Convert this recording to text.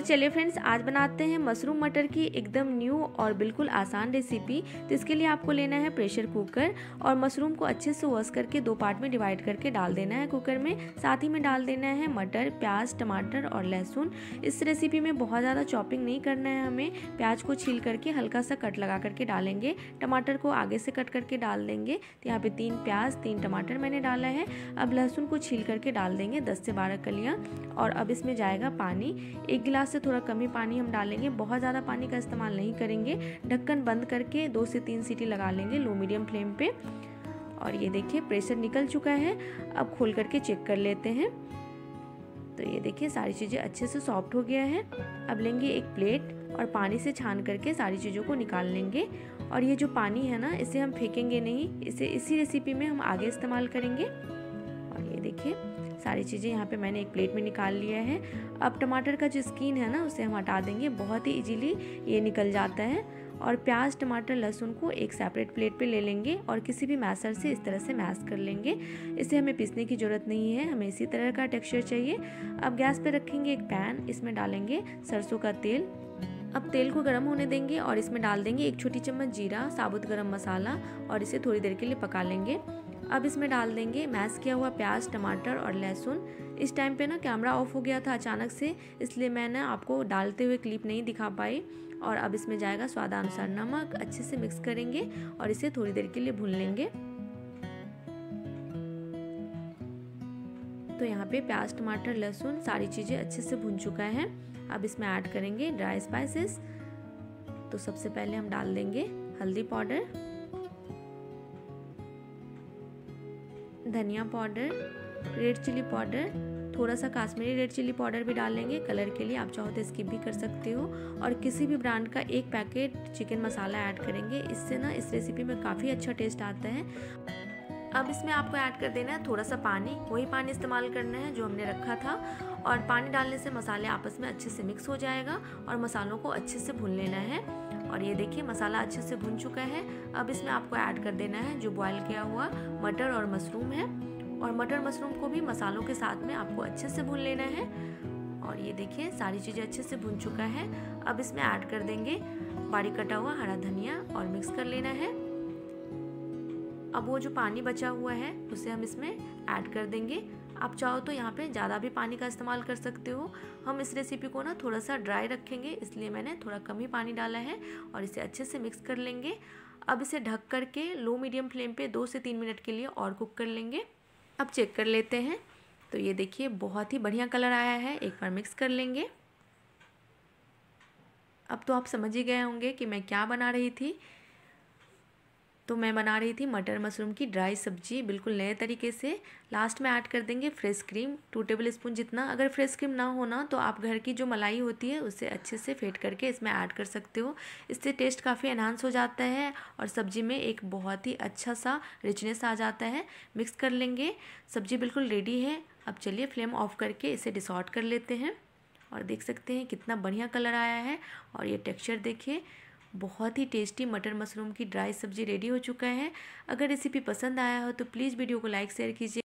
तो चलिए फ्रेंड्स आज बनाते हैं मशरूम मटर की एकदम न्यू और बिल्कुल आसान रेसिपी तो इसके लिए आपको लेना है प्रेशर कुकर और मशरूम को अच्छे से वॉश करके दो पार्ट में डिवाइड करके डाल देना है कुकर में साथ ही में डाल देना है मटर प्याज टमाटर और लहसुन इस रेसिपी में बहुत ज़्यादा चॉपिंग नहीं करना है हमें प्याज को छील करके हल्का सा कट लगा करके डालेंगे टमाटर को आगे से कट करके डाल देंगे तो यहाँ पर तीन प्याज तीन टमाटर मैंने डाला है अब लहसुन को छील करके डाल देंगे दस से बारह कलियाँ और अब इसमें जाएगा पानी एक गिलास से थोड़ा कमी पानी हम डालेंगे बहुत ज़्यादा पानी का इस्तेमाल नहीं करेंगे ढक्कन बंद करके दो से तीन सीटी लगा लेंगे लो मीडियम फ्लेम पे और ये देखिए प्रेशर निकल चुका है अब खोल करके चेक कर लेते हैं तो ये देखिए सारी चीज़ें अच्छे से सॉफ्ट हो गया है अब लेंगे एक प्लेट और पानी से छान करके सारी चीज़ों को निकाल लेंगे और ये जो पानी है ना इसे हम फेंकेंगे नहीं इसे इसी रेसिपी में हम आगे इस्तेमाल करेंगे देखिए सारी चीज़ें यहाँ पे मैंने एक प्लेट में निकाल लिया है अब टमाटर का जो स्किन है ना उसे हम हटा देंगे बहुत ही इजीली ये निकल जाता है और प्याज टमाटर लहसुन को एक सेपरेट प्लेट पे ले लेंगे और किसी भी मैसर से इस तरह से मैश कर लेंगे इसे हमें पीसने की ज़रूरत नहीं है हमें इसी तरह का टेक्सचर चाहिए अब गैस पर रखेंगे एक पैन इसमें डालेंगे सरसों का तेल अब तेल को गर्म होने देंगे और इसमें डाल देंगे एक छोटी चम्मच जीरा साबुत गरम मसाला और इसे थोड़ी देर के लिए पका लेंगे अब इसमें डाल देंगे मैश किया हुआ प्याज टमाटर और लहसुन इस टाइम पे ना कैमरा ऑफ हो गया था अचानक से इसलिए मैं ना आपको डालते हुए क्लिप नहीं दिखा पाई और अब इसमें जाएगा स्वादानुसार नमक अच्छे से मिक्स करेंगे और इसे थोड़ी देर के लिए भून लेंगे तो यहाँ पे प्याज टमाटर लहसुन सारी चीज़ें अच्छे से भून चुका है अब इसमें ऐड करेंगे ड्राई स्पाइसेस तो सबसे पहले हम डाल देंगे हल्दी पाउडर धनिया पाउडर रेड चिली पाउडर थोड़ा सा काश्मीरी रेड चिली पाउडर भी डाल लेंगे कलर के लिए आप चाहो तो स्किप भी कर सकते हो और किसी भी ब्रांड का एक पैकेट चिकन मसाला ऐड करेंगे इससे ना इस रेसिपी में काफ़ी अच्छा टेस्ट आता है अब इसमें आपको ऐड कर देना है थोड़ा सा पानी वही पानी इस्तेमाल करना है जो हमने रखा था और पानी डालने से मसाले आपस में अच्छे से मिक्स हो जाएगा और मसालों को अच्छे से भून लेना है और ये देखिए मसाला अच्छे से भुन चुका है अब इसमें आपको ऐड कर देना है जो बॉयल किया हुआ मटर और मशरूम है और मटर मशरूम को भी मसालों के साथ में आपको अच्छे से भून लेना है और ये देखिए सारी चीज़ें अच्छे से भुन चुका है अब इसमें ऐड कर देंगे बारीक कटा हुआ हरा धनिया और मिक्स कर लेना है अब वो जो पानी बचा हुआ है उसे हम इसमें ऐड कर देंगे आप चाहो तो यहाँ पे ज़्यादा भी पानी का इस्तेमाल कर सकते हो हम इस रेसिपी को ना थोड़ा सा ड्राई रखेंगे इसलिए मैंने थोड़ा कम ही पानी डाला है और इसे अच्छे से मिक्स कर लेंगे अब इसे ढक कर के लो मीडियम फ्लेम पे दो से तीन मिनट के लिए और कुक कर लेंगे अब चेक कर लेते हैं तो ये देखिए बहुत ही बढ़िया कलर आया है एक बार मिक्स कर लेंगे अब तो आप समझ ही गए होंगे कि मैं क्या बना रही थी तो मैं बना रही थी मटर मशरूम की ड्राई सब्जी बिल्कुल नए तरीके से लास्ट में ऐड कर देंगे fresh cream two tablespoon जितना अगर फ्रेश क्रीम ना हो ना तो आप घर की जो मलाई होती है उसे अच्छे से फेंट करके इसमें ऐड कर सकते हो इससे टेस्ट काफ़ी एनहांस हो जाता है और सब्जी में एक बहुत ही अच्छा सा रिचनेस आ जाता है मिक्स कर लेंगे सब्जी बिल्कुल रेडी है अब चलिए फ्लेम ऑफ करके इसे डिसऑर्ड कर लेते हैं और देख सकते हैं कितना बढ़िया कलर आया है और ये टेक्स्चर देखिए बहुत ही टेस्टी मटर मशरूम की ड्राई सब्जी रेडी हो चुका है अगर रेसिपी पसंद आया हो तो प्लीज़ वीडियो को लाइक शेयर कीजिए